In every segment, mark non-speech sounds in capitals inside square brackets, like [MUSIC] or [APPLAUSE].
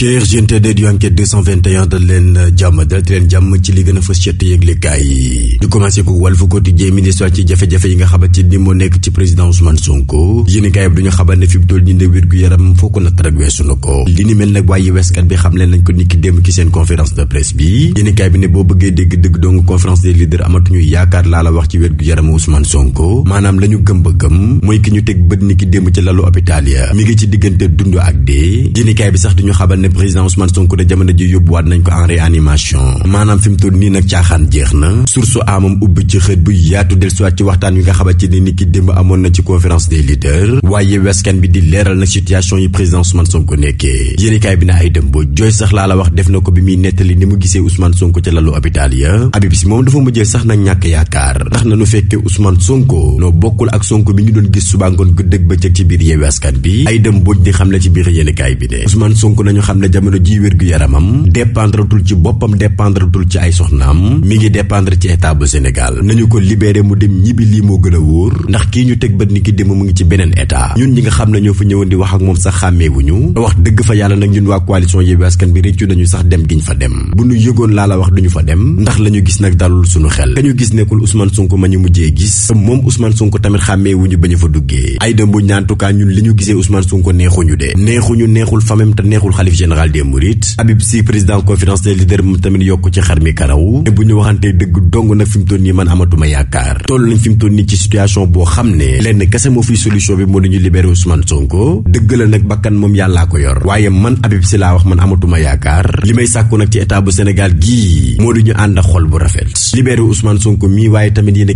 chers jeunes yu enquête 221 dal leen jàmm dal leen jàmm ci li gën a fës cet yëglekaay yi ñu commencé ko Walf Quotidien ministre ci jafe-jafe yi nga xamante ni moo nekk ci président Ousmane Sonko yéenekaay bi duñu xamal ne fi mu toll ñi yaram foo ko natt rek weesu ko li ni mel nag waaye weskat bi xam leen nañ ko niki démb ci seen conférence de presse bi yéenekaay bi ne boo bëggee dégg dëgg donc conférence des leaders amatuñu yaakaar laa la ne président Ousmane Sonko de jamono ji yóbbuwaat nañ ko en réanimation maanaam fi mu toll nii nag caaxaan jeex na source amam ubbi ci xët bu yaatu dellusiwaat ci waxtaan wi nga xamante ni nit ki démb amoon na ci conférence des leaders waaye weskan bi di leeral nag situation yi président Ousmane Sonko nekkee yéenekaay bi na ay dem ba jooy sax laala wax def na ko bi muy nettali ni mu gisee Ousmane Sonko ca lalu hôpital ya Habib Sy moom dafa mujjee sax nag ñàkk yaakaar ndax na nu fekkee Ousmane Sonko noo bokkul ak Sonko bi ñu doon gis subaangoon guddëg bëccëg ci biir yeewi bi ay dem boj di xam ne ci biir yéenekaay bi ne Ousmane Sonko nañu xam xam ne jamono ji wér-gu-yaramam dépendretul ci boppam dépendretul ci ay soxnaam mi ngi dépendre ci état bu Sénégal nañu ko libéré mu dem ñibbi lii moo gën a wóor ndax kii ñu teg bët ni ki dem mu ngi ci beneen état ñun ñi nga xam ne ñoo fa ñëwoon di wax ak moom sax xàmmeewuñu wax dëgg fa yàlla nag ñun waa coalition Yewwi Askan bi réccu nañu sax dem ñu fa dem bu ñu yëgoon laa la wax duñu fa dem ndax la ñu gis nag dalul suñu xel dañu gis nekkul Ousmane Sonko ma ñu mujjee gis moom Ousmane Sonko tamit xàmmeewuñu ba ñu fa duggee ay dëmbu ñaan en tout cas ñun li ñu gisee Ousmane Sonko neexuñu de neexuñu neexul famem te neexul xalif général des Mourides Habib Sy président conférence des leaders moom tamit yokk ci xar mi karaw te bu ñu waxantee dëgg dong nag fi mu nii man amatuma yaakaar toll nañ fi mu nii ci situation boo xam ne lenn kese moo fi solution bi moo dañu libéré Ousmane Sonko dëgg la nag bakkan moom yàllaa ko yor waaye man Habib Sy laa wax man amatuma yaakaar li may sàkku nag ci état Sénégal gii moo dañu ànd xol bu rafet libéré Ousmane Sonko mii waaye tamit yéen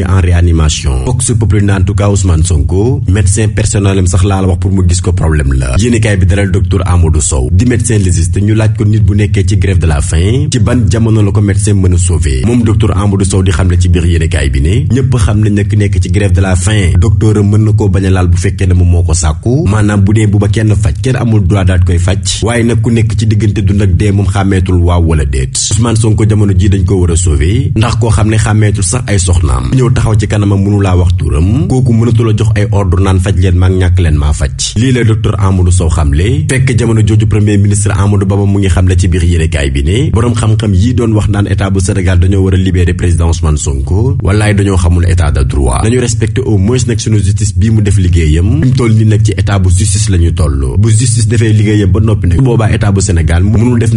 ngi en réanimation Vox Populi naan en tout cas Ousmane Sonko médecin personnel am sax laa wax pour mu gis ko problème la yéenekaay bi dalal docteur Amadou Sow di médecin légiste ñu laaj ko nit bu nekkee ci grève de la faim ci ban jamono la ko médecin mën a sauver moom docteur Amadou Sow di xam ne ci biir yéenekaay bi ne ñëpp xam nañ nekk nekk ci grève de la faim docteur mën na koo bañ a laal bu fekkee ne moom moo ko sàkku maanaam bu dee bu kenn faj kenn amul droit daal koy faj waaye nag ku nekk ci diggante dund ak dee moom xàmmeetul waaw wala déet Ousmane Sonko jamono ji dañ ko war a sauver ndax koo xam ne xàmmeetul sax ay soxnaam ñëw taxaw ci kanamam mënu wax turam kooku mënatu jox ay ordre naan faj leen maag ñàkk leen maa faj lii la docteur Amadou Sow xamle fekk jamono jooju premier ministre Amadou Ba mu ngi xamle ci biir yéenekaay bi ne boroom xam-xam yii doon wax naan état bu dañoo war a président Ousmane Sonko wallaay dañoo xamul état de droit nañu respecté au moins nag sunu justice bii mu def liggéeyam bu noppi nag su boobaa état bu Sénégal mënul def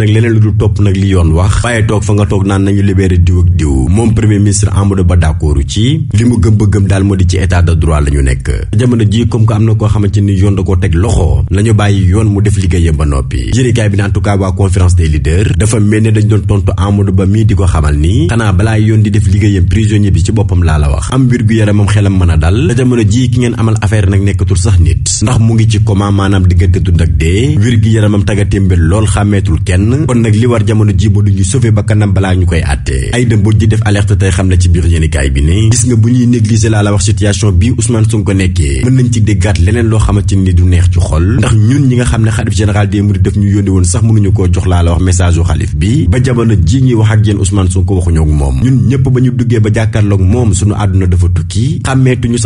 ci li mu gëm bëggëm daal moo di ci état de droit la ñu nekk jamono ji comme que am na ko xamante ni yoon da koo teg loxo nañu bàyyi yoon mu def liggéeyam ba noppi yéenekaay bi ne en tout cas waa conférence des leaders dafa mel ne dañ doon tontu Amadou Ba mii di ko xamal ni xanaa balaa yoon di def liggéeyam prisonnier bi ci boppam laa la wax am mbir gu yaramam xelam mën a dal te jamono ji ki ngeen amal affaire nag nekkatul sax nit ndax mu ngi ci coma maanaam diggante dund ak dee wér gi yaramam tagatémbel lool xàmmeetul kenn kon nag li war jamono ji ba du ñu sauver ba kanam balaa ñu koy àtte ay dëmbul ji def alerte tey xam ne ci biir yéenekaay bi ne ni gis nga bu ñuy négliger laa la wax situation bi Ousmane Sonko nekkee mën nañ ci déggaat leneen loo xamante ni du neex ci xol ndax ñun ñi nga xam ñu yónni woon ba jamono ji ñuy wax ak yéen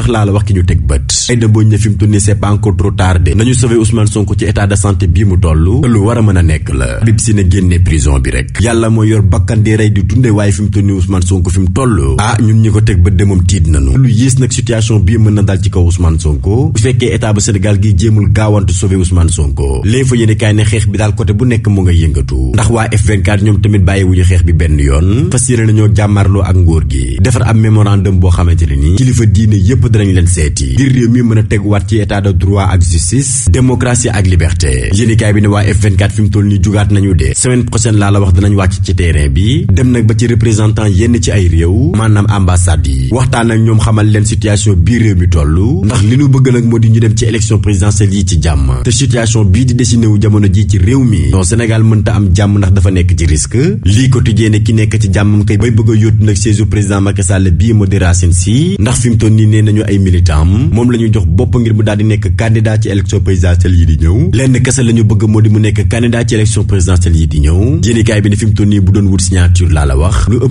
la wax ki ñu teg bët ay da boo ñëw fi mu tourné c'est pas encore trop tardé nañu sauver Ousmane Sonko ci état de santé bii mu toll lu war a mën a nekk la bib si ne génnee prison bi rek yàlla mooy yor bakkan di rey di dunde waaye fi mu tourné Ousmane Sonko fi mu toll ah ñun ñi ko teg ba demam tiit nanu lu yées nag situation bii mën na dal ci kaw Ousmane Sonko bu fekkee état ba Sénégal gi jéemul gaawantu sauver Ousmane Sonko léegi fa yéene ne xeex bi daal côté bu nekk mu nga yëngatu ndax waa F24 ñoom tamit bàyyiwuñu xeex bi benn yoon fas yéene nañoo jàmmarloo ak nguur gi defar ab mémorandum boo xamante ne nii kilifa diine yépp danañ leen seeti ngir réew mi mën a teguwaat ci état de droit ak justice démocratie ak liberté yéene kaay bi ne waa F24 mu toll ni jugaat nañu dee semaine prochaine laa la wax danañ wàcc ci terrain bi dem nag ba ci représentant yenn ci ay réew maanaam ambassade yi waxtaan ak ñoom xamal leen situation bii réew mi toll ndax li ñu bëgg nag moo di ñu dem ci élection présidentielle yi ci jàmm te situation bii di dessiné wu jamono ji ci réew mi non Sénégal mënta am jàmm ndax dafa nekk ci risque lii quotidien ki nekk ci jàmmam kay bay bëgg a yóotu nag siège président Macky Sall bii moo di Racine Sy ndax fi mu toll nii nee nañu ay militant moom la ñu jox bopp ngir mu daal di nekk candidat ci élection présidentielle yi di ñëw bëgg moo mu nekk candidat ci élection présidentielle yi di ñëw yéenekaay bi ne fi mu toll doon wut signature laa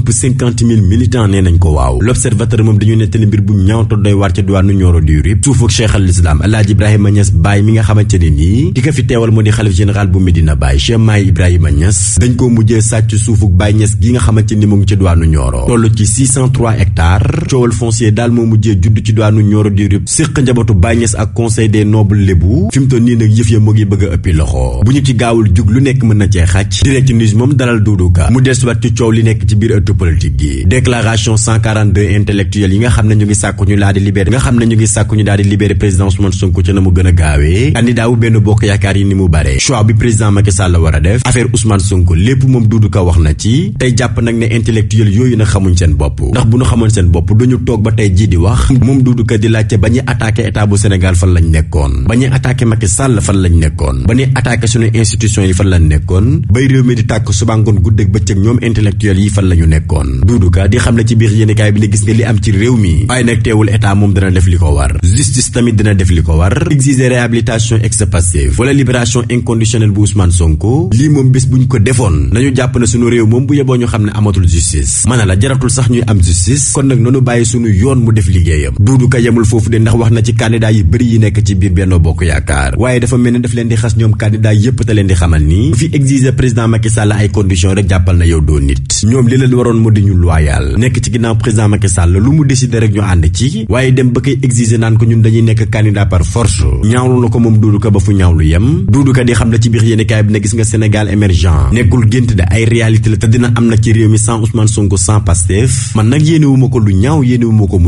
cinquante mille militants nee nañ ko waaw l'Observateur moom dañu nettali mbir bu ñaawto doy waar ca diwaanu Nioro du suufuk Cheikh al Islam El Hadj Ibrahima mi nga xamante ne nii di ko fi teewal moo di xalif général bu ni mu ngi ca diwaanu Nioro toll ci 603 hectares coowal foncier daal moo mujjee judd njabootu Baye Niass ak conseil des nobles lébu fi nii nag yëf ya moo ngi bëgg ëppi loxo bu ñu ci gaawul jug lu nekk mën na cee xaj direct news moom dalal Doudou Ka mu dellusiwaat ci coow li nekk ci biir ëttu gi déclaration 142 intellectuels yi nga xam ne ñu ngi sàkku ñu laa di libéré mu gën a gaawee candidat wu benn bokk yaakaar yi ni mu bare choix bi président Macky Sall la a def affaire Ousmane Sonko lépp moom Doudou Ka wax na ci tey jàpp nag ne intellectuels yooyu na xamuñ ndax bu ñu xamoon seen bopp duñu toog ba tey jii di wax moom Doudou di laajte ba ñuy attaqué état bu fan lañ nekkoon ba ñuy attaqué Macky Sall yi fan lañ nekkoon bay di ñu nekkoon Doudou xam ne ci biir yéenekaay bi ne gis nga li am ci réew mi waaye nag teewul état moom dana def li ko war justice tamit dina def li ko war exiger réhabilitation ex passive wala libération inconditionnelle bu Ousmane Sonko lii moom bés buñ ko defoon nañu jàpp ne sunu réew moom bu yeboo ñu xam ne amatul justice mana la jaratul sax ñuy am justice kon nag nanu bàyyi sunu yoon mu def liggéeyam duudu yemul foofu de ndax wax na ci candidat yi bëri yi nekk ci biir Benno Bokk Yaakaar waaye dafa mel ne daf leen Sall lu mu décider rek ñu ànd ci waaye dem ba koy exiger naan ko ñun dañuy nekk candidat par force ñaawlu na ko moom Doudou Ka ba fu ñaawlu yem Doudou Ka di xam la ci biir yéeni kaay bi ne gis nga Sénégal émergent nekkul gént de ay réalité la te dina am nag ci réew mi sans Ousmane Sonko sans Pastef man nag yéene wu ko lu ñaaw yéene wu ma ko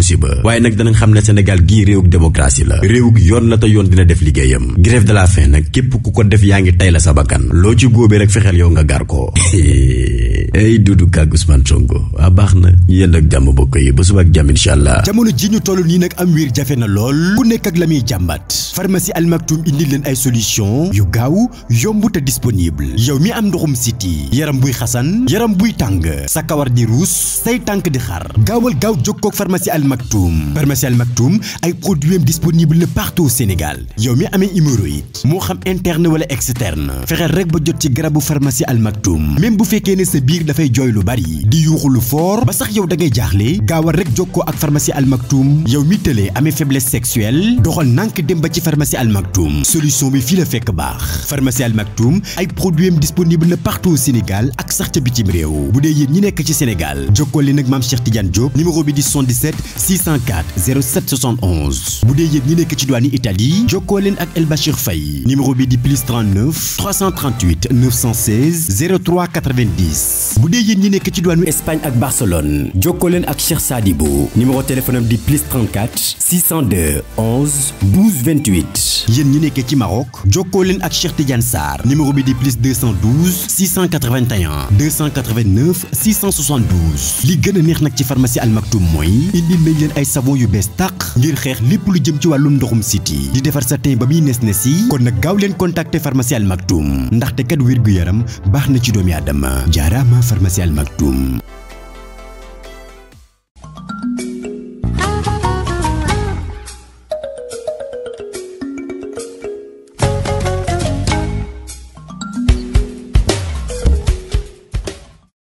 waaye nag danañ xam ne Sénégal gii réewug démocratie la réewug yoon la te yoon dina def liggéeyam grève de la faim nag képp ku ko def yaa ngi tay la sa bakkan loo ci góobee rek fexeel yow nga gar ko ay [LAUGHS] Doudou Ka Ousmane Sonko a ah, baax na yéen ak jàmm bokk yi ba suba ak jàmm incha allah jamono ji ñu toll nii nag am wér jafe na lool ku nekk ak la muy jàmbat pharmacie Al Maktoum indi leen ay solution yu gaaw yomb te disponible yow mi am ndoxum siti yaram buy xasan yaram buy tàng sa kawar di ruus say tànk di xar gaawal gaaw jokkoog pharmacie Al Maktoum pharmacie Al Maktoum ay produits disponible na partout Sénégal yow mi amee hémorroïde moo xam interne wala externe fexeel rek ba jot ci garabu pharmacie Al Maktoum même bu fekkee ne biir dafay jooy lu bari di yuuxu lu fort ba sax yow da gaawal rek jokkoo ak pharmacie Al Maktoum yow mi tëlee amee faiblesse sexuelle doxal nànk dem ba ci pharmacie Al Maktoum solution bi fii la fekk baax pharmacie Al Maktoum ay produits am disponible na partout au Sénégal ak sax ca bitim réew bu dee yéen ñi nekk ci Sénégal jokkoo leen ak maam Cheikh Tidiane Diop numéro bi di 77 604 07 71 bu dee yéen ñi nekk ci diwaanu Italie jokkoo leen ak El Bachir Faye numéro bi di plus 39 338 916 03 90 bu dee yéen ñi nekk ci diwaanu Espagne ak Barcelone jokkoo leen ak Cheikh Sadibou numéro téléphone am di plus 34 602 11 12 28. yéen ñi nekkee ci Maroc jokkoo leen ak Cheikh Tidiane Sarr numéro bi di plus 212 681 289 672 li gën a neex nag ci pharmacie Al Maktoum mooy indi nañ leen ay savon yu bees tàq ngir xeex lépp lu jëm ci wàllum ndoxum siti di defar sa teen ba muy nes nes yi kon nag gaaw leen contacter pharmacie Al Maktoum te kat wér gu yaram baax na ci doomi aadama jaaraama pharmacie Al Maktoum.